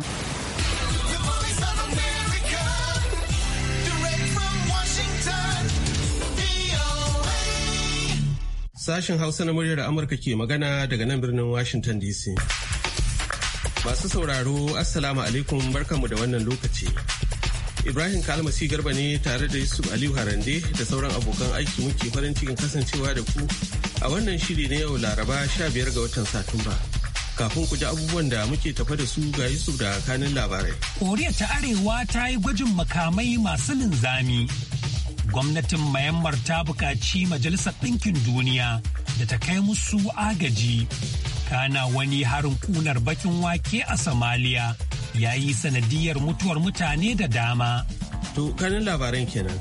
Sashen Hausa na muryar Amurka ke magana daga nan birnin Washington DC. Masu sauraro, Assalamu alaikum barkanmu da wannan lokaci. Ibrahim Kalmasi Garba ne tare da Yusuf Aliyu Harande da sauran abokan aiki muke farin cikin kasancewa da ku a wannan shiri na yau Laraba 15 ga watan Satumba. kafin ku ji abubuwan da muke tafa da su ga Yusuf da kanin labarai. Koriya ta Arewa ta yi gwajin makamai masu linzami. Gwamnatin Mayammar ta buƙaci Majalisar Ɗinkin Duniya da ta kai musu agaji. Kana wani harin kunar bakin wake a Somalia ya yi sanadiyar mutuwar mutane da dama. To, kanin labaran kenan.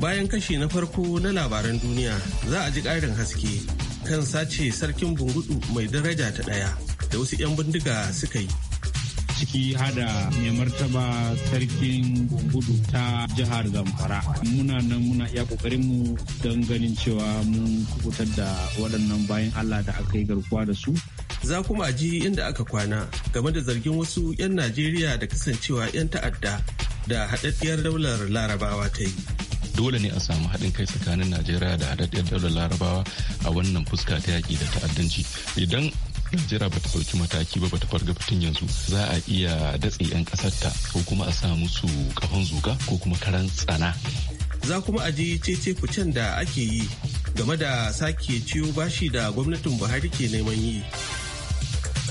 Bayan kashi na farko na labaran duniya za a ji ƙarin haske kan sace sarkin bungudu mai daraja ta ɗaya. da wasu 'yan bindiga suka yi ciki hada mai martaba sarkin gudu ta jihar zamfara muna nan muna iya kokarin mu don ganin cewa mun kubutar da waɗannan bayan allah da aka yi garkuwa da su za kuma ji inda aka kwana game da zargin wasu 'yan najeriya da kasancewa 'yan ta'adda da haɗaɗɗiyar daular larabawa ta yi dole ne a samu haɗin kai tsakanin najeriya da haɗaɗɗiyar daular larabawa a wannan fuska ta yaƙi da ta'addanci idan jira ba ta ɗauki mataki ba ba ta farga fitin yanzu za a iya datse 'yan ta ko kuma a sa musu kafan zuka ko kuma karan tsana za kuma a ji cece kucen da ake yi game da sake ciwo bashi da gwamnatin buhari ke neman yi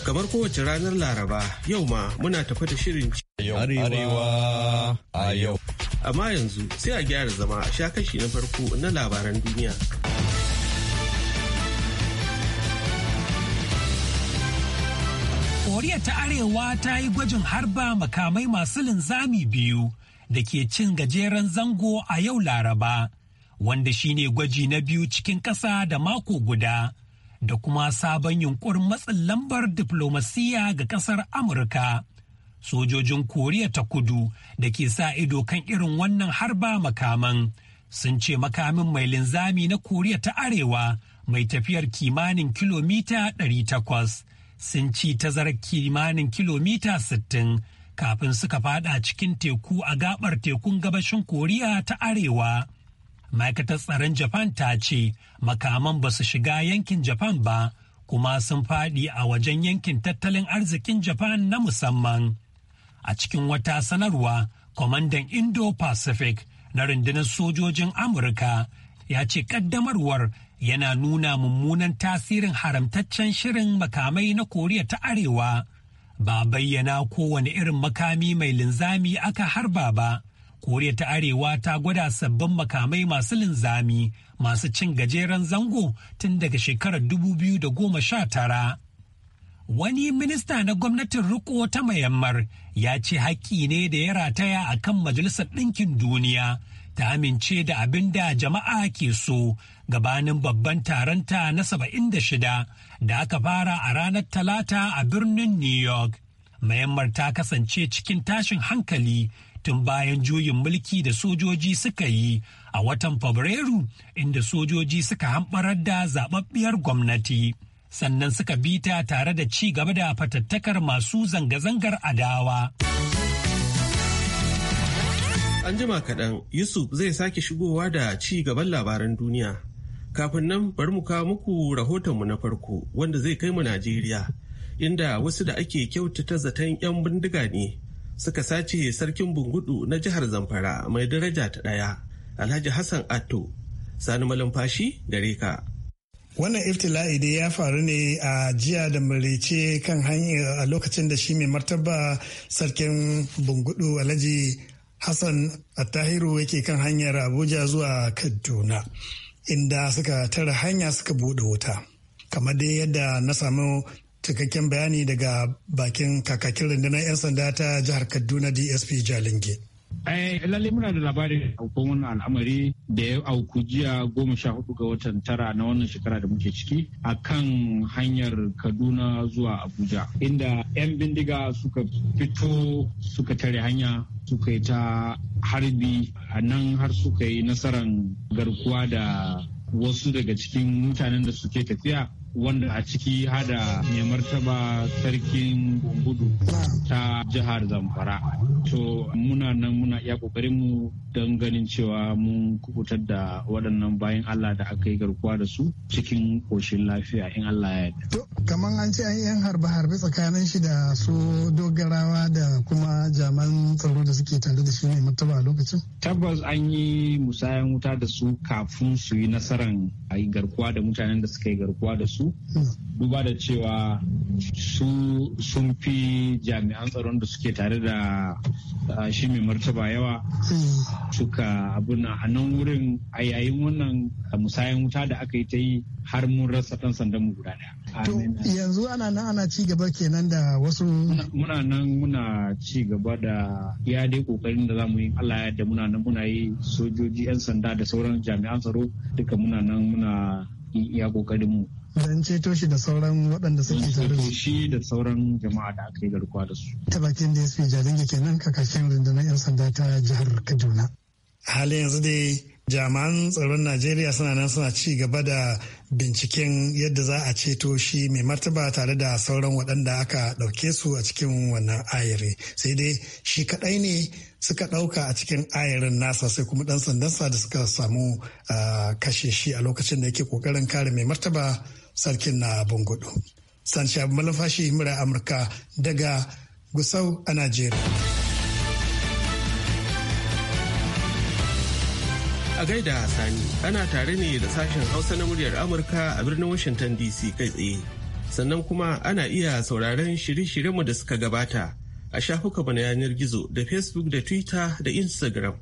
kamar kowace ranar laraba yau ma muna tafa da shirin arewa a yau amma yanzu sai a gyara zama a sha kashi na farko na labaran duniya koriya ta arewa ta yi gwajin harba makamai masu linzami biyu da ke cin gajeren zango a yau laraba wanda shine gwaji na biyu cikin ƙasa da mako guda da kuma sabon yunkurin matsin lambar diflomasiya ga ƙasar amurka sojojin koriya ta kudu da ke sa ido kan irin wannan harba makaman sun ce makamin mai linzami na koriya ta arewa mai tafiyar kimanin kilomita 800 sun ci tazarar kimanin kilomita 60 kafin suka fada cikin teku a gabar tekun gabashin koriya ta arewa ma'aikatar tsaron japan ta ce makaman ba su shiga yankin japan ba kuma sun fadi a wajen yankin tattalin arzikin japan na musamman a cikin wata sanarwa kwamandan indo-pacific na rundunar sojojin amurka ya ce kaddamarwar yana nuna mummunan tasirin haramtaccen shirin makamai na koriya ta arewa ba bayyana kowane irin makami mai linzami aka harba ba koriya ta arewa ta gwada sabbin makamai masu linzami masu cin gajeren zango tun daga shekarar 2019 wani minista na gwamnatin riko ta mayammar ya ce haƙƙi ne da ya rataya a kan majalisar ɗinkin duniya ta amince da abin da jama'a ke so gabanin babban taronta na 76 da aka fara a ranar talata a birnin new york mayammar ta kasance cikin tashin hankali tun bayan juyin mulki da sojoji suka yi a watan fabrairu inda sojoji suka hamɓarar da zababbiyar gwamnati sannan suka bita tare da ci gaba da fatattakar masu zanga-zangar adawa. an jima kaɗan Yusuf zai sake shigowa da ci gaban labaran duniya. Kafin nan bari mu kawo muku rahotonmu na farko wanda zai kai mu Najeriya, inda wasu da ake kyautata zaton 'yan bindiga ne suka sace sarkin bungudu na jihar Zamfara mai daraja ta ɗaya, Alhaji Hassan Atto, Sani Malumfashi gare ka. Wannan iftila'i dai ya faru ne a jiya da murice kan hanyar a lokacin da shi mai martaba sarkin bungudu alhaji Hassan Attahiru yake kan hanyar Abuja zuwa Kaduna inda suka tara hanya suka buɗe wuta. Kamar dai yadda na samu cikakken bayani daga bakin kakakin rundunar 'yan sanda ta jihar Kaduna DSP Jalinge. Eh, lalle muna da labarin hukumar al'amari da ya auku jiya goma sha hudu ga watan tara na wannan shekara da muke ciki a kan hanyar kaduna zuwa abuja inda 'yan bindiga suka fito suka tare hanya suka yi ta harbi a nan har suka yi nasarar garkuwa da wasu daga cikin mutanen da suke tafiya wanda a ciki hada mai martaba sarkin gudu ta jihar zamfara to muna nan muna iya kokarin mu don ganin cewa mun kubutar da waɗannan bayan allah da aka yi garkuwa da su cikin koshin lafiya in allah ya to kamar an ce an yan harbe harbe tsakanin shi da su dogarawa da kuma jaman tsaro da suke tare da shi mai martaba a lokacin tabbas an yi musayan wuta da su kafin su yi nasarar a yi garkuwa da mutanen da suka yi garkuwa da su su duba da cewa su sun fi jami'an tsaron da suke tare da ah, shi mai martaba yawa suka abuna a nan wurin a yayin wannan ah, musayan wuta da aka yi ta yi har mun rasa ɗan sandan mu guda ɗaya. yanzu ana nan ana ci gaba kenan da wasu. Muna nan muna ci gaba da ya dai kokarin da zamu yi Allah ya da muna nan muna yi sojoji 'yan sanda da sauran jami'an tsaro duka muna nan muna iya kokarin mu. dan an ceto shi da sauran waɗanda suke tare da shi da sauran jama'a da aka yi garkuwa da su ta bakin da DSP Jalinge kenan kakashin rundunar 'yan sanda ta jihar Kaduna hali yanzu dai jami'an tsaron najeriya suna nan suna ci gaba da binciken yadda za a ceto shi mai martaba tare da sauran waɗanda aka ɗauke su a cikin wannan ayari sai dai shi kaɗai ne suka ɗauka a cikin ayarin nasa sai kuma ɗan sandansa da suka samu ah, kashe shi a lokacin da yake ƙoƙarin kare mai martaba sarkin na bangudu san abu malafashi mura amurka daga gusau a najeriya a gaida sani ana tare ne da sashen hausa na muryar amurka a birnin washington dc kai tsaye sannan kuma ana iya sauraron shirye-shiryenmu da suka gabata a shafuka na yanar gizo da facebook da twitter da instagram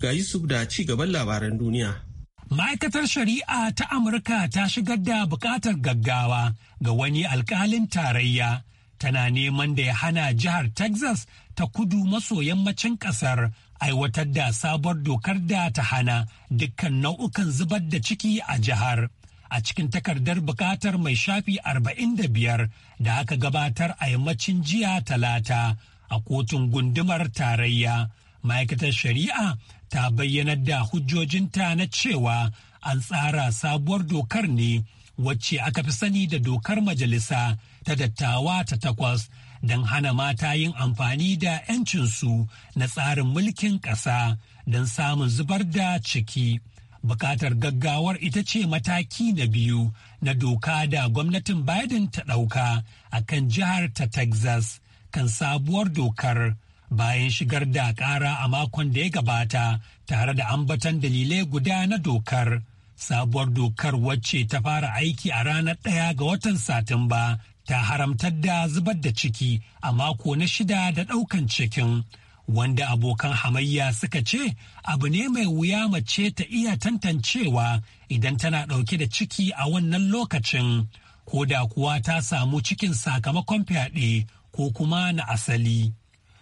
ga yusuf da ci gaban labaran duniya ma'aikatar shari'a ta amurka ta shigar da bukatar gaggawa ga wani alkalin tarayya tana neman da ya hana jihar texas ta kudu maso yammacin kasar aiwatar da sabuwar dokar da ta hana dukkan nau'ukan zubar da ciki a jihar a cikin takardar bukatar mai shafi 45 da aka gabatar a yammacin jiya talata a kotun gundumar tarayya ma'aikatar shari'a ta bayyanar da hujjojinta na cewa an tsara sabuwar dokar ne wacce aka fi sani da dokar majalisa ta dattawa ta takwas don hana mata yin amfani da 'yancinsu na tsarin mulkin ƙasa don samun zubar da ciki. Bukatar gaggawar ita ce mataki na biyu na doka da gwamnatin Biden ta ɗauka a kan jihar ta Texas kan sabuwar dokar. bayan shigar da ƙara a makon da ya gabata tare da ambatan dalilai guda na dokar. Sabuwar dokar wacce ta fara aiki a ranar ɗaya ga watan Satumba ta haramtar da zubar da ciki a mako na shida da ɗaukan cikin. Wanda abokan hamayya suka ce abu ne mai wuya mace ta iya tantancewa idan tana ɗauke da ciki a wannan lokacin, ko da kuwa ta samu cikin sakamakon fyaɗe ko kuma na asali.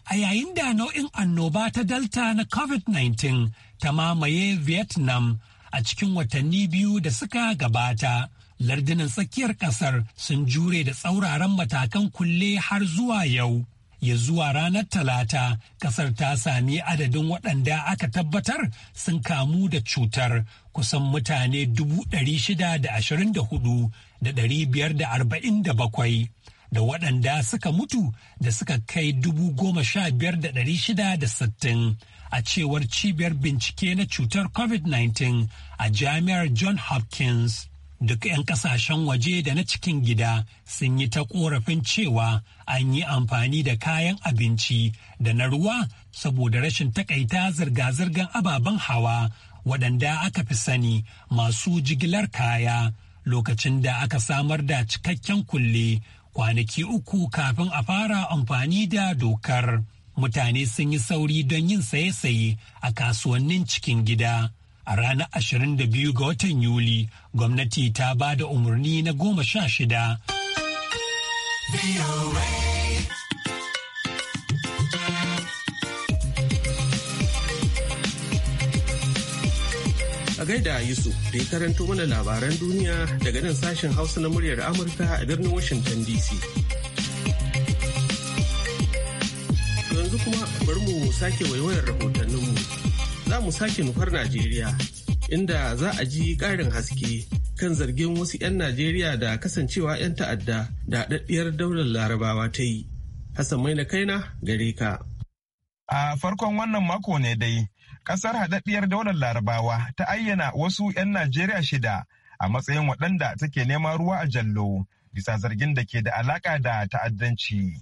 a yayin da nau'in annoba ta delta na covid-19 ta mamaye vietnam a cikin watanni biyu da suka gabata lardunan tsakiyar kasar sun jure da tsauraran matakan kulle har zuwa yau ya zuwa ranar talata kasar ta sami adadin waɗanda aka tabbatar sun kamu da cutar kusan mutane 624,547 da waɗanda suka mutu da suka kai dubu goma sha biyar da ɗari shida da sittin a cewar cibiyar bincike na cutar covid-19 a jami'ar john hopkins duk 'yan kasashen waje da na cikin gida sun yi ta korafin cewa an yi amfani da kayan abinci da na ruwa saboda rashin takaita zirga-zirgar ababen hawa waɗanda aka fi sani masu jigilar kaya lokacin da aka samar da cikakken kulle kwanaki uku kafin a fara amfani da dokar. Mutane sun yi sauri don yin saye-saye a kasuwannin cikin gida. A ranar 22 ga watan Yuli, gwamnati ta ba da umarni na goma sha shida. gaida Yusuf da ya karanto mana labaran duniya daga nan sashen Hausa na muryar Amurka a birnin Washington DC. Yanzu kuma bari mu sake waiwayar rahotanninmu. Za mu sake nufar Najeriya, inda za a ji ƙarin haske kan zargin wasu 'yan Najeriya da kasancewa 'yan ta'adda da daɗaɗɗiyar daular larabawa ta yi. Hassan Maina Kaina gare ka. A farkon wannan mako ne dai, kasar haɗaɗɗiyar daular larabawa ta ayyana wasu 'yan najeriya shida a matsayin waɗanda take neman ruwa a jallo bisa zargin da ke da alaƙa da ta'addanci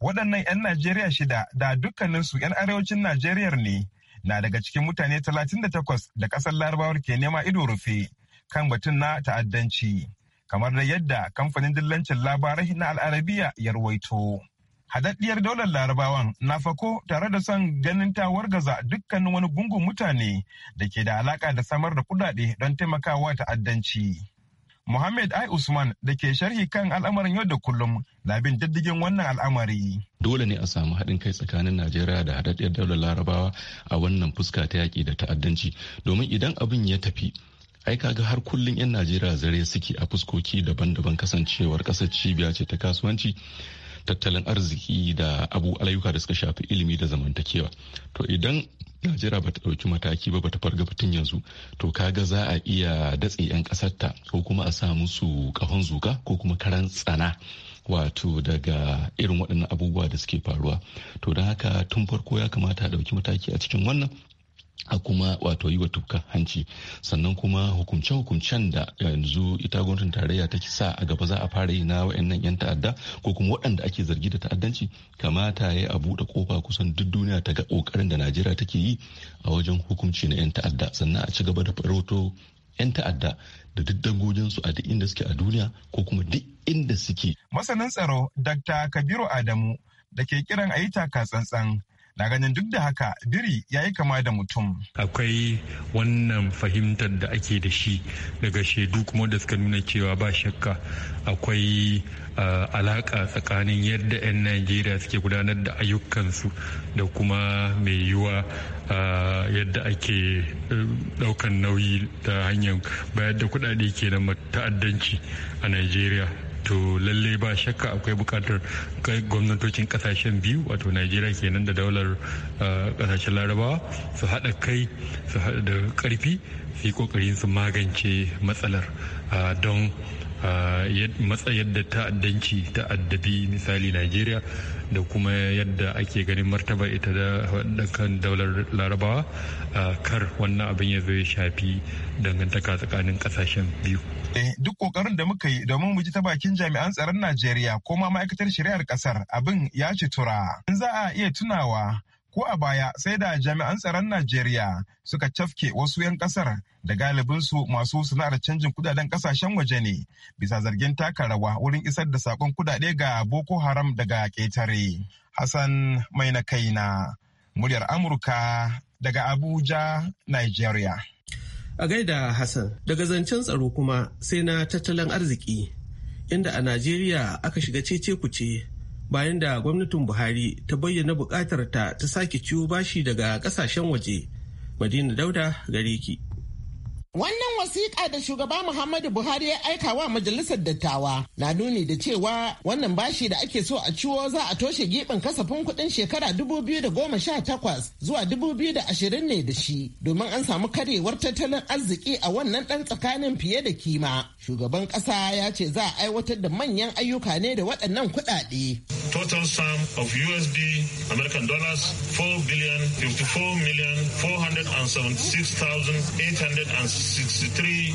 waɗannan 'yan najeriya shida da dukkaninsu 'yan arewacin najeriya ne na daga cikin mutane 38 da ƙasar larabawar ke nema ido rufe kan batun na ta'addanci kamar da yadda kamfanin dillancin labarai na al'arabiya ya ruwaito. Hadaddiyar daular larabawan na fako tare da son ganin ta wargaza dukkanin wani gungun mutane da ke da alaka da samar da kudade don taimakawa ta'addanci. Muhammad ai Usman da ke sharhi kan al'amarin yau da kullum na bin diddigin wannan al'amari. Dole ne a samu haɗin kai tsakanin Najeriya da haɗaɗɗiyar daular larabawa a wannan fuska ta yaƙi da ta'addanci domin idan abin ya tafi ai kaga har kullum 'yan Najeriya zare suke a fuskoki daban-daban kasancewar ƙasar cibiya ce ta kasuwanci tattalin arziki da abu alayuka da suka shafi ilimi da zamantakewa to idan najeriya bata ɗauki mataki ba bata farga batun yanzu to kaga za a iya datse 'yan kasarta ko kuma a sa musu kahon zuka ko kuma karan tsana wato daga irin waɗannan abubuwa da suke faruwa to don haka tun farko ya kamata a ɗauki mataki a cikin wannan a kuma wato yi wa tufka hanci sannan kuma hukumce-hukumcen da yanzu ita gwamnatin tarayya ta sa a gaba za a fara yi na wayannan 'yan ta'adda ko kuma waɗanda ake zargi da ta'addanci kamata ya a buɗe kofa kusan duk duniya ta ga ƙoƙarin da najeriya take yi a wajen hukunci na 'yan ta'adda sannan a ci gaba da farauto 'yan ta'adda da duk dangoginsu a duk inda suke a duniya ko kuma duk inda suke. masanin tsaro dr kabiru adamu da ke kiran a yi taka tsantsan na ganin duk da haka biri ya yi kama da mutum. Akwai wannan fahimtar da ake da shi daga shaidu kuma da suka nuna cewa ba shakka akwai ah, alaka tsakanin yadda 'yan Najeriya suke gudanar da ayyukansu da kuma mai yiwuwa ah, yadda ake daukan eh, nauyi ta hanyar bayar da kudade kenan ta'addanci a Najeriya to lalle ba shakka akwai bukatar gwamnatocin kasashen biyu wato najeriya kenan da daular kasashen uh, larabawa su haɗa kai su haɗa da ƙarfi su yi ƙoƙarin su magance matsalar uh, don uh, matsa da ta'addanci ta'addabi misali najeriya da kuma yadda ake ganin martaba ita da kan daular larabawa kar wannan abin ya zo shafi dangantaka tsakanin kasashen biyu. Eh, duk kokarin da muka yi domin mu ji ta bakin jami'an tsaron najeriya ko ma ma'aikatar shari'ar kasar abin ya ci tura in za a iya tunawa ko a baya sai da jami'an tsaron Najeriya suka cafke wasu 'yan kasar da galibinsu masu sana'ar canjin kudaden kasashen waje ne bisa zargin taka rawa wurin isar da sakon kudade ga Boko Haram daga ƙetare. Hassan mai na kaina muryar Amurka daga Abuja, Nigeria. A gaida Hassan, daga zancen tsaro kuma sai na tattalin arziki, inda a Najeriya aka shiga cece kuce bayan da gwamnatin buhari ta bayyana bukatar ta ta sake ciwo bashi daga kasashen waje madina dauda gare ki Wannan wasiƙa da shugaba Muhammadu Buhari ya aika wa majalisar dattawa na nuni da cewa wannan bashi da ake so a ciwo za a toshe gibin kasafin kuɗin shekara 2018 zuwa 2020 ne da shi domin an samu karewar tattalin arziki a wannan ɗan tsakanin fiye da kima. Shugaban ƙasa ya ce za a aiwatar da manyan ayyuka ne da waɗannan kuɗaɗe. Total sum of USD American dollars 4 billion 54 million 476,800 63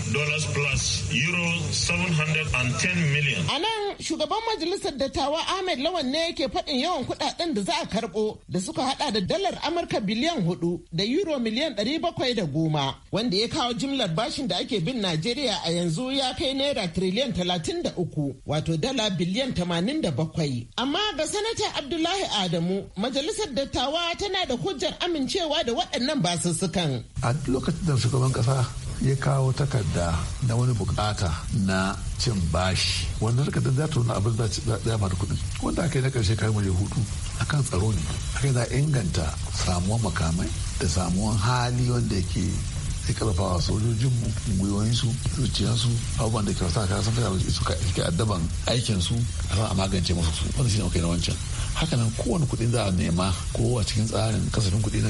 plus euro 710 million. A nan shugaban majalisar dattawa Ahmed Lawan ne yake faɗin yawan kuɗaɗen da za a karɓo da suka haɗa da dalar Amurka biliyan hudu da euro miliyan ɗari bakwai da goma wanda ya kawo jimlar bashin da ake bin Najeriya a yanzu ya kai naira triliyan talatin da uku wato dala biliyan tamanin da bakwai. Amma ga sanata Abdullahi Adamu majalisar dattawa tana da hujjar amincewa da waɗannan basussukan. A lokacin da shugaban ƙasa ya kawo takarda na wani bukata na cin bashi wannan takardar za ta nuna abin da za da kuɗi wanda aka yi na karshe kayan waje hudu akan tsaro ne akai za inganta samuwar makamai da samuwar hali wanda yake sai mu gwiwoyin su gwiwoyinsu su abubuwan da ke kyauta ka san fi suka suke addaban aikin su a magance musu su wanda shine ne na wancan hakanan kowane kuɗi za a nema ko a cikin tsarin kasafin kuɗi na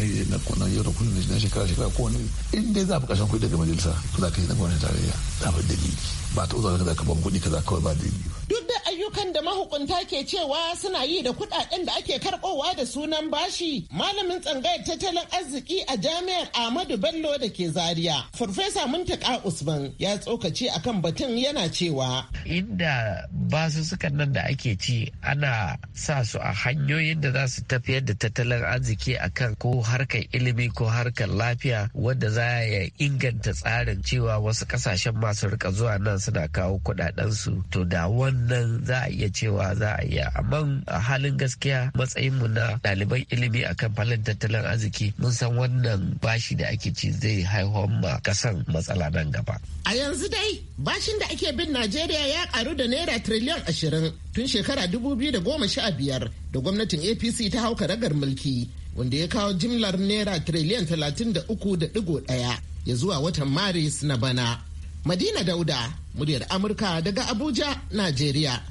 na yau da kullum na shekara shekara kowane in dai za a buƙashen kuɗi daga majalisa ko za ka yi na gwamnati tarayya za a dalili ba ta uzo za ka ba kuɗi kaza kawai ba dalili duk da ayyukan da mahukunta ke cewa suna yi da kuɗaɗen da ake karɓowa da sunan bashi malamin tsangayar tattalin arziki a jami'ar Ahmadu Bello da ke Zaria Farfesa Muntaka Usman ya tsokaci akan batun yana cewa inda basu sukan nan da ake ci ana sa su a hanyoyin da za su tafiyar da tattalin arziki akan ko harkar ilimi ko harkar lafiya wanda za ya inganta tsarin cewa wasu kasashen masu rika zuwa nan suna kawo kudadensu to da wannan za a iya cewa za a iya amma a halin gaskiya matsayinmu na ɗaliban ilimi akan falin tattalin arziki mun san wannan bashi da ake ci zai haihuwar ma kasan matsala nan gaba a yanzu dai bashin da ake bin najeriya ya karu da naira triliyon ashirin tun shekara 2015 da gwamnatin apc ta hauka ragar mulki wanda ya kawo jimlar naira triliyan 33.1 ya zuwa watan maris na bana madina dauda muryar amurka daga abuja Najeriya.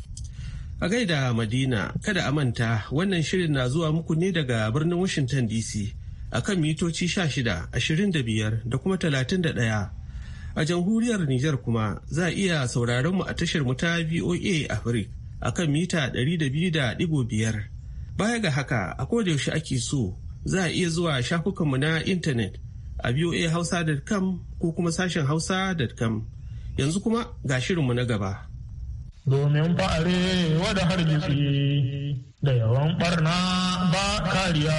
a gaida madina kada a manta wannan shirin na zuwa muku ne daga birnin washington dc akan mitoci 16 25 da kuma 31 a jamhuriyar Nijar kuma za a iya sauraron mu a tashar mu ta VOA Africa a kan mita 200.5. Baya ga haka a kodayaushe ake so za a iya zuwa shafukanmu na intanet a voahausa.com ko kuma sashen hausa.com. Yanzu kuma ga shirinmu na gaba. Domin fa'are wada hargitsi da yawan barna ba kariya.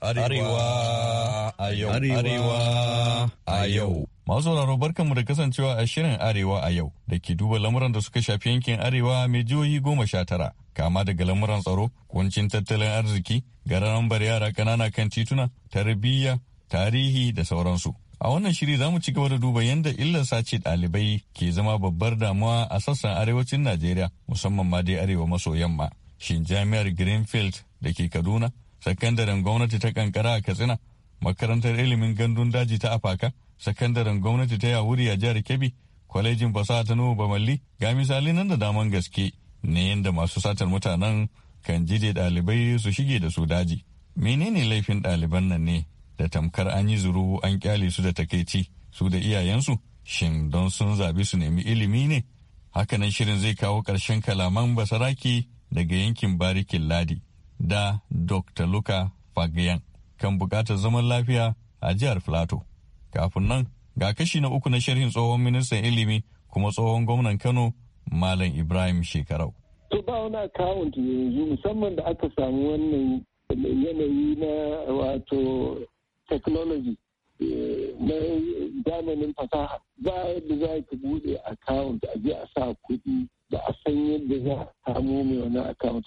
Arewa. a yau. Arewa a yau. Masu barkanmu da kasancewa a shirin Arewa a yau da ke duba lamuran da suka shafi yankin Arewa mai jihohi goma sha tara. Kama daga lamuran tsaro, kuncin tattalin arziki, bar yara ƙanana kan tituna, tarbiyya, tarihi da sauransu. A wannan shiri za mu ci gaba da duba yadda illar sace ɗalibai ke zama babbar damuwa a sassan arewacin Najeriya musamman ma dai arewa maso yamma. Shin jami'ar Greenfield da ke Kaduna, sakandaren gwamnati ta kankara a Katsina, makarantar ilimin gandun daji ta afaka sakandaren gwamnati ta yawuri a jihar kebbi kwalejin fasaha ta nuhu bamalli ga misali nan da daman gaske ne yadda masu satar mutanen kan jide ɗalibai su shige da su daji menene laifin ɗaliban nan ne da tamkar an yi zuru an kyale su da takaici su da iyayensu shin don sun zabi su nemi ilimi ne hakanan shirin zai kawo ƙarshen kalaman basaraki daga yankin barikin ladi da dr luka fagayan kan buƙatar zaman lafiya a jihar Filato. Kafin nan ga kashi na uku na sharhin tsohon ministan ilimi kuma tsohon gwamnan Kano Malam Ibrahim Shekarau. To ba wani akawunt yanzu musamman da aka samu wannan yanayi na wato technology eh, na zamanin fasaha za a yadda za ka bude akawunt a je a sa kuɗi da a san yadda za a kamo mai wani akawunt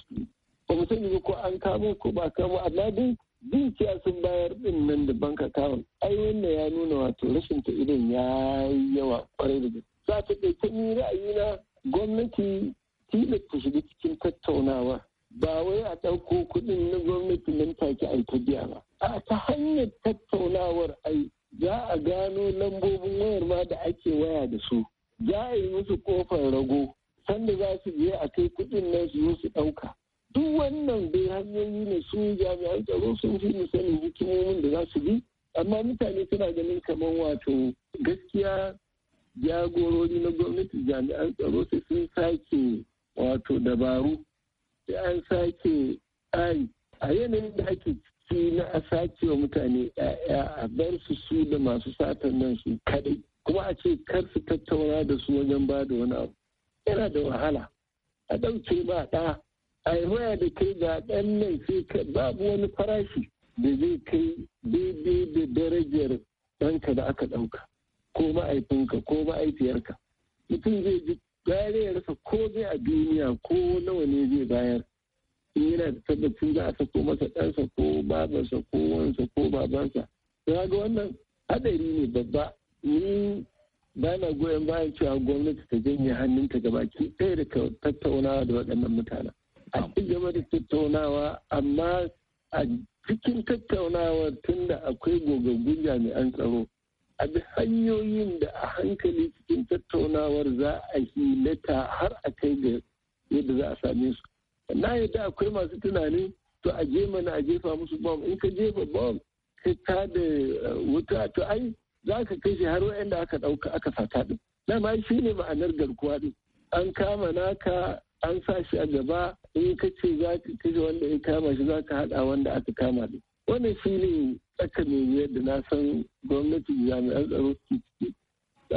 ba mu sani ko an kamo ko ba kamo a dai dukiya sun bayar din nan da bank account ai wanda ya nuna wato rashin ta idan ya yi yawa kwarai da gaske za ta ɗauki ni ra'ayina gwamnati tilo ta shiga cikin tattaunawa ba wai a ɗauko kuɗin na gwamnati nan take a ta biya ba a ta hanyar tattaunawar ai za a gano lambobin wayar ma da ake waya da su za a yi musu kofar rago sanda za su je a kai kuɗin nan su su ɗauka duk wannan dai hanyoyi ne su jami'an tsaro sun fi mu da za su bi amma mutane suna ganin kamar wato gaskiya jagorori na gwamnati jami'an tsaro sai sun sake wato dabaru sai an sake ai a yanayin da ake ciki na a sake wa mutane 'ya'ya a bar su su da masu satan nan su kadai kuma a ce kar su tattauna da su wajen ba da wani abu yana da wahala a ɗauke ba ɗa a da kai ga ɗan nan sai babu wani farashi da zai kai daidai da darajar ɗanka da aka ɗauka ko ma'aifinka ko ma'aifiyarka mutum zai ji rasa ko zai a duniya ko nawa ne zai bayar in yana da tabbacin za a sako masa ɗansa ko babansa ko wansa ko babansa ya ga wannan hadari ne babba ni ba na goyon bayan cewa gwamnati ta janye hannunta gabaki ɗaya da tattaunawa da waɗannan mutanen a ci gaba da tattaunawa amma a cikin tattaunawar tunda akwai gogaggun jami'an tsaro a bi hanyoyin da a hankali cikin tattaunawar za a hilata har a kai ga yadda za a same su na yadda akwai masu tunani to a je mana a jefa musu bom in ka jefa bom ka ta da eh, wuta to ai za ka kashe har wa'anda aka ɗauka aka sata ɗin ma shi ne ma'anar garkuwa ɗin an kama naka an sa shi a gaba in ka ce za ka kashe wanda ya kama shi za ka haɗa wanda aka kama da wannan shi ne tsaka yadda na san gwamnati jami'an tsaro ke ciki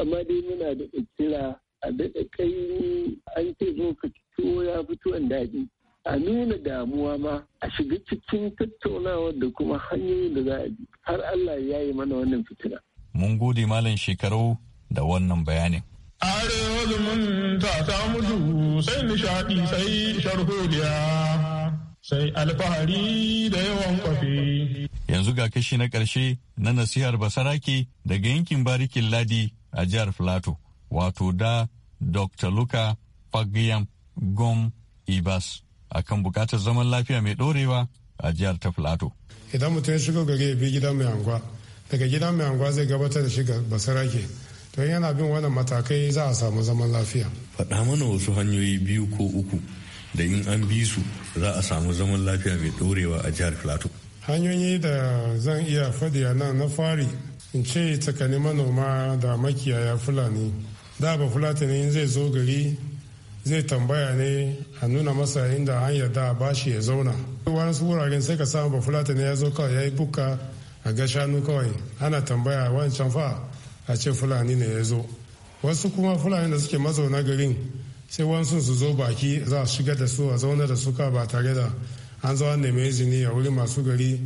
amma dai muna da kira a daɗa kai an ce zo ka fito ya fito an daɗi a nuna damuwa ma a shiga cikin tattaunawar da kuma hanyoyin da za a bi har Allah ya yi mana wannan fitina. Mun gode malam shekaru da wannan bayanin. arewa zumunta ta mutu sai nishaɗi sai sharholiya sai alfahari da yawan kwafi. Yanzu ga kashi na ƙarshe na nasihar basarake daga yankin barikin ladi a jihar Filato, wato da Dr. Luka Fagiyam Gom Ibas a kan buƙatar zaman lafiya mai ɗorewa a jihar ta Filato. Idan mutum ya shigo gari ya bi gida mai anguwa, daga gidan mai anguwa zai gabatar da shi ga basarake. don yana bin wannan matakai za a samu zaman lafiya faɗa mana wasu hanyoyi biyu ko uku da in an bi su za a samu zaman lafiya mai ɗorewa a jihar plateau hanyoyi da zan iya faɗi a nan na fari in ce tsakanin manoma da makiyaya fulani da ba fulatani zai zo gari zai tambaya ne a nuna masa inda hanyar da a bashi ya zauna wasu wuraren sai ka samu ba fulatani ya zo kawai ya yi buka a ga shanu kawai ana tambaya wancan fa a ce fulani ne ya zo wasu kuma fulani da suke mazauna garin sai wasu su zo baki za a shiga da su a zauna da suka ba tare da an zo an nemi izini a wuri masu gari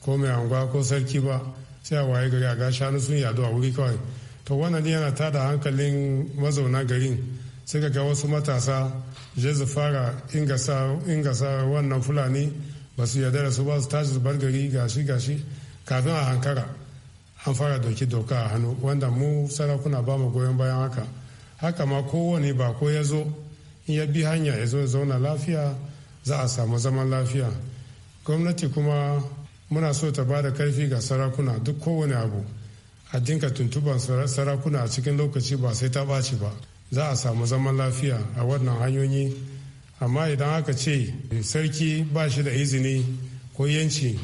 ko mai anguwa ko sarki ba sai a waye gari a ga shanu sun yadu a wuri kawai to wannan yana tada hankalin mazauna garin sai ga wasu matasa je su fara ingasa wannan fulani ba su yarda da su ba su tashi su bar gari gashi gashi kafin a hankara an fara doki doka a hannu wanda mu sarakuna ba mu goyon bayan haka haka ma kowane ba ko ya zo in ya bi hanya ya zo ya zauna lafiya za a samu zaman lafiya gwamnati kuma muna so ta ba da karfi ga sarakuna duk kowane abu a dinka tuntuban sarakuna a cikin lokaci ba sai ta ɓaci ba za a samu zaman lafiya a wannan hanyoyi amma idan haka ce sarki ba shi da izini ko yanci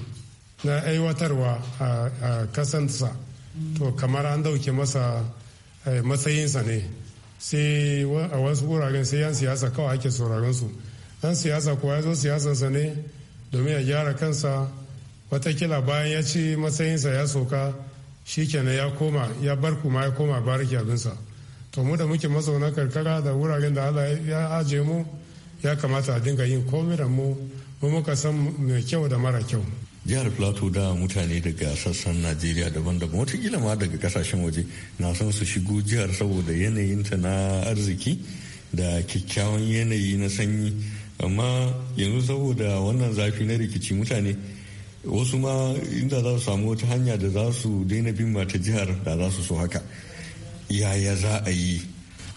na aiwatarwa a kasansa to kamar an dauke masa eh, matsayinsa ne sai a wasu wuraren sai yan siyasa kawai ake sauraron su yan siyasa kuwa ya zo siyasansa ne domin ya gyara kansa watakila bayan ya ci matsayinsa ya soka shikenan ya koma ya bar kuma ya koma bariki abinsa to mu da muke mazauna karkara da wuraren da allah ya aje mu ya kamata a dinga yin komai da mu mu muka san mai kyau da mara kyau jihar plateau da mutane daga sassan najeriya daban-daban watakila ma daga kasashen waje na son su shigo jihar saboda yanayin ta na arziki da kyakkyawan yanayi na sanyi amma yanzu saboda wannan zafi na rikici mutane wasu ma inda za su samu wata hanya da za su daina bin mata jihar da za su so haka yaya za a yi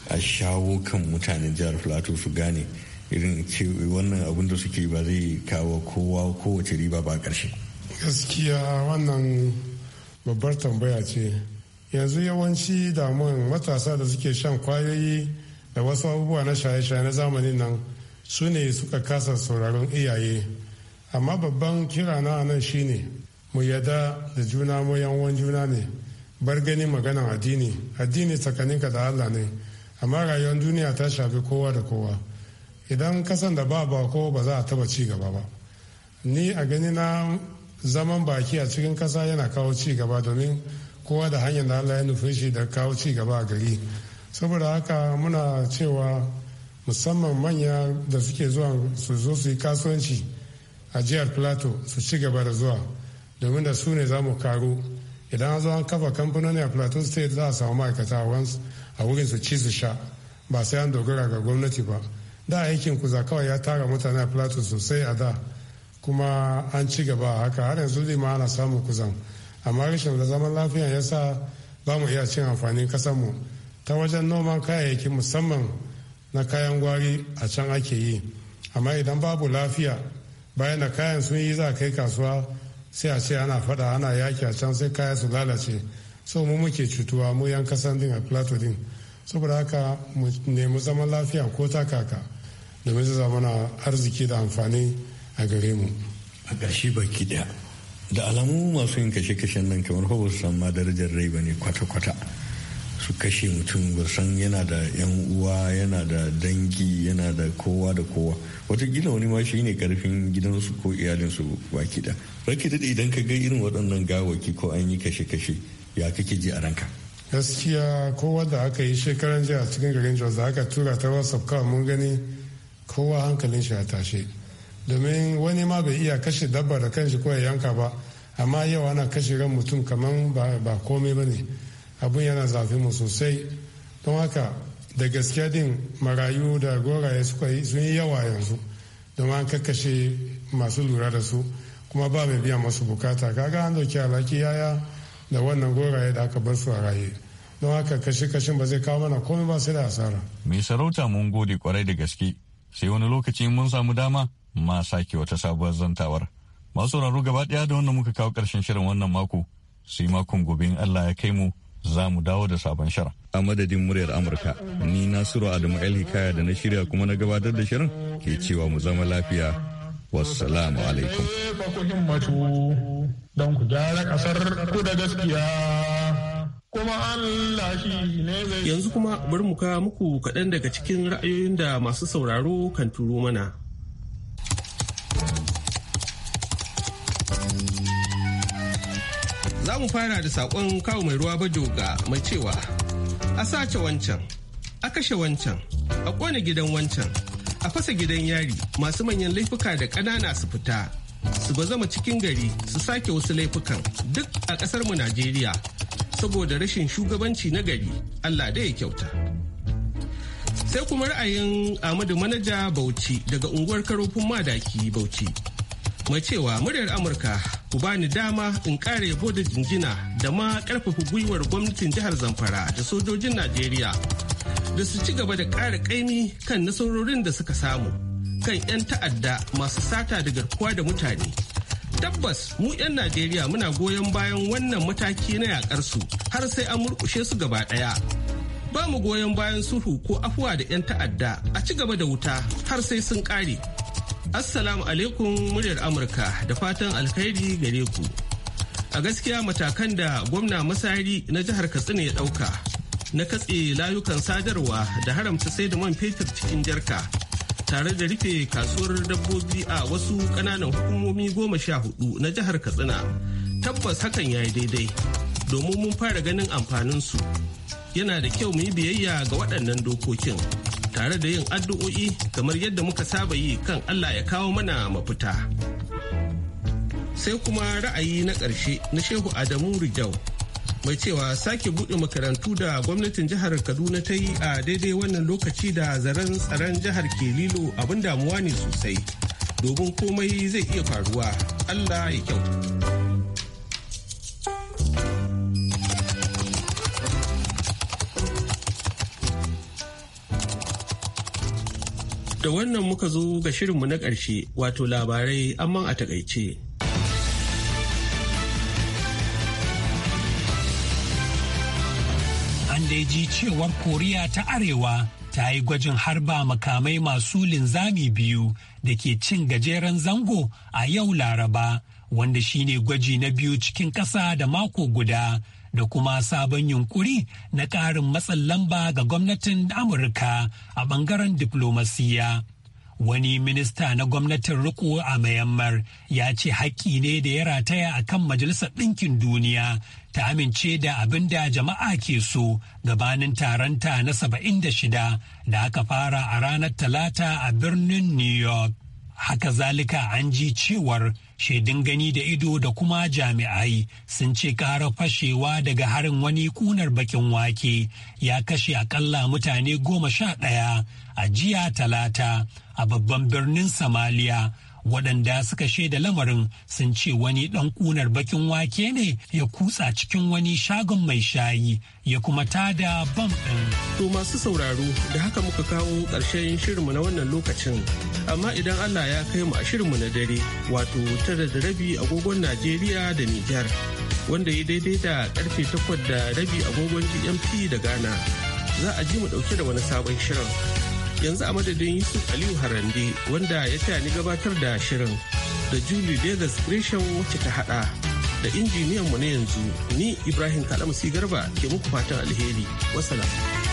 a shawo kan mutanen jihar plateau su gane irin wannan abin da suke ba zai kawo kowa kowace riba ba ƙarshe gaskiya wannan babbar tambaya ce yanzu yawanci damun matasa da suke shan kwayoyi da wasu abubuwa na shaye-shaye na zamanin nan su ne suka kasa sauraron iyaye amma babban kira na nan shine mu yada da juna mu yawan juna ne bar gani maganan addini addini tsakaninka da allah ne amma rayuwar duniya ta shafi kowa da kowa idan kasan da ba bako ba za a taba ci gaba ba ni a gani na zaman baki a cikin kasa yana kawo ci gaba domin kowa da hanyar da allah ya nufi shi da kawo ci gaba a gari saboda haka muna cewa musamman manya da suke zuwa su zo su yi kasuwanci a jihar plateau su ci gaba da zuwa domin da su ne za mu karo idan an zo an kafa kamfanoni a plateau state za a samu ma'aikata a wurin su ci su sha ba sai an dogara ga gwamnati ba da aikin kuza kawai ya tara mutane a sosai a da kuma an ci gaba haka har yanzu dai ma ana samun kuzan amma rashin da zaman lafiya ya sa ba mu iya cin amfanin mu ta wajen noman kayayyaki musamman na kayan gwari a can ake yi amma idan babu lafiya bayan da kayan sun yi za a kai kasuwa sai a ce ana fada ana yaki a can sai kaya su lalace so mu muke cutuwa mu yan kasan din a plato din saboda haka mu nemi zaman lafiya ko ta kaka domin zai zama na arziki da amfani a gare mu a ƙarshe baki daya da alamu masu yin kashe-kashen nan kamar ko su san ma darajar rai bane kwata-kwata su kashe mutum ba san yana da yan uwa yana da dangi yana da kowa da kowa watakila wani ma shi ne karfin gidansu ko iyalinsu baki da rake da idan ka ga irin waɗannan gawaki ko an yi kashe-kashe ya kake ji a ranka gaskiya kowa da aka yi shekaran jiya cikin garin jos da aka tura ta whatsapp kawai mun gani kowa hankalin shi a tashe domin wani ma bai iya kashe dabba da kanshi ko ya yanka ba amma yau ana kashe ran mutum kamar ba komai ba ne abin yana zafi mu sosai don haka da gaskiya din marayu da goraye sun yi yawa yanzu don an kakkashe masu lura da su kuma ba mai biya masu bukata kaga an dauki alaki yaya da wannan goraye da aka bar su a raye don haka kashe kashin ba zai kawo mana komai ba sai da asara mai sarauta mun gode kwarai da gaske sai wani lokaci mun samu dama ma sake wata sabuwar zantawar masu sauraro gaba ɗaya da wanda muka kawo ƙarshen shirin wannan mako sai makon gobe in Allah ya kai mu za mu dawo da sabon shirin. A madadin muryar Amurka, ni Nasiru Adamu hikaya da na shirya kuma na gabatar da shirin ke cewa mu zama lafiya. Wassalamu alaikum. Ba ku himmatu don ku gyara ƙasar ku da gaskiya. kuma Allah shi ne zai. yanzu kuma bari mu kawo muku kaɗan daga cikin ra'ayoyin da masu sauraro kan turo mana za mu fara da saƙon kawo mai ruwa ga mai cewa a sace wancan a kashe wancan a ƙone gidan wancan a fasa gidan yari masu manyan laifuka da ƙanana su fita su bazama cikin gari su sake wasu laifukan duk a ƙasarmu najeriya saboda rashin shugabanci na gari allah da ya kyauta sai kuma ra'ayin amadu manaja bauchi daga unguwar karofin madaki bauchi mai cewa muryar amurka ku bani dama in kare yabo da jinjina da ma karfafa gwiwar gwamnatin jihar zamfara da sojojin najeriya da su ci gaba da ƙara ƙaimi kan nasarorin da suka samu kan 'yan ta'adda masu sata da garkuwa da mutane Tabbas mu 'yan Najeriya muna goyon bayan wannan mataki na yakar su har sai an murkushe su gaba ɗaya. Ba mu goyon bayan sulhu ko afuwa da 'yan ta'adda a ci gaba da wuta har sai sun ƙare. Assalamu alaikum muryar Amurka da fatan alkhairi gare ku. A gaskiya matakan da gwamna Masari na jihar Katsina ya ɗauka na katse layukan sadarwa da haramta sai da man fetur cikin jarka tare da rufe kasuwar dabbobi a wasu ƙananan hukumomi goma sha hudu na jihar katsina tabbas hakan ya yi daidai domin mun fara ganin amfaninsu yana da kyau mu yi biyayya ga waɗannan dokokin tare da yin addu'o'i kamar yadda muka saba yi kan allah ya kawo mana mafita sai kuma ra'ayi na ƙarshe na shehu adamu rijau mai cewa sake buɗe makarantu da gwamnatin jihar kaduna ta yi a daidai wannan lokaci da zaren tsaron jihar ke lilo abin damuwa ne sosai domin komai zai iya faruwa allah ya kyau da wannan muka zo ga shirinmu na ƙarshe wato labarai amma a takaice. dai ji cewar koriya ta arewa ta yi gwajin harba makamai masu linzami biyu da ke cin gajeren zango a yau laraba wanda shine gwaji na biyu cikin ƙasa da mako guda da kuma sabon yunkuri na ƙarin matsin lamba ga gwamnatin amurka a ɓangaren diflomasiyya. Wani minista na gwamnatin riko a Myanmar ya ce haƙƙi ne da ya rataya a kan Majalisar Ɗinkin Duniya ta amince da abin da jama'a ke so gabanin taronta na 76 da aka fara a ranar Talata a birnin New York. Haka zalika an ji cewar shaidun gani da ido da kuma jami'ai sun ce kara fashewa daga harin wani kunar bakin wake ya kashe akalla mutane goma sha ɗaya a jiya talata a babban birnin samaliya waɗanda suka shaida lamarin sun ce wani ɗan ƙunar bakin wake ne ya kutsa cikin wani shagon mai shayi ya kuma tada bam ɗin. To masu sauraro da haka muka kawo ƙarshen shirinmu na wannan lokacin amma idan Allah ya kai mu a shirinmu na dare wato tara da rabi agogon Najeriya da Nijar wanda ya daidai da karfe takwas da rabi agogon GMT da Ghana za a ji mu ɗauke da wani sabon shirin. yanzu a madadin yusuf aliyu harande wanda ya taya ni gabatar da shirin da julie davis gresham wacce ta hada da injiniyan mu na yanzu ni ibrahim kalamusi garba ke muku fatan alheri wasalam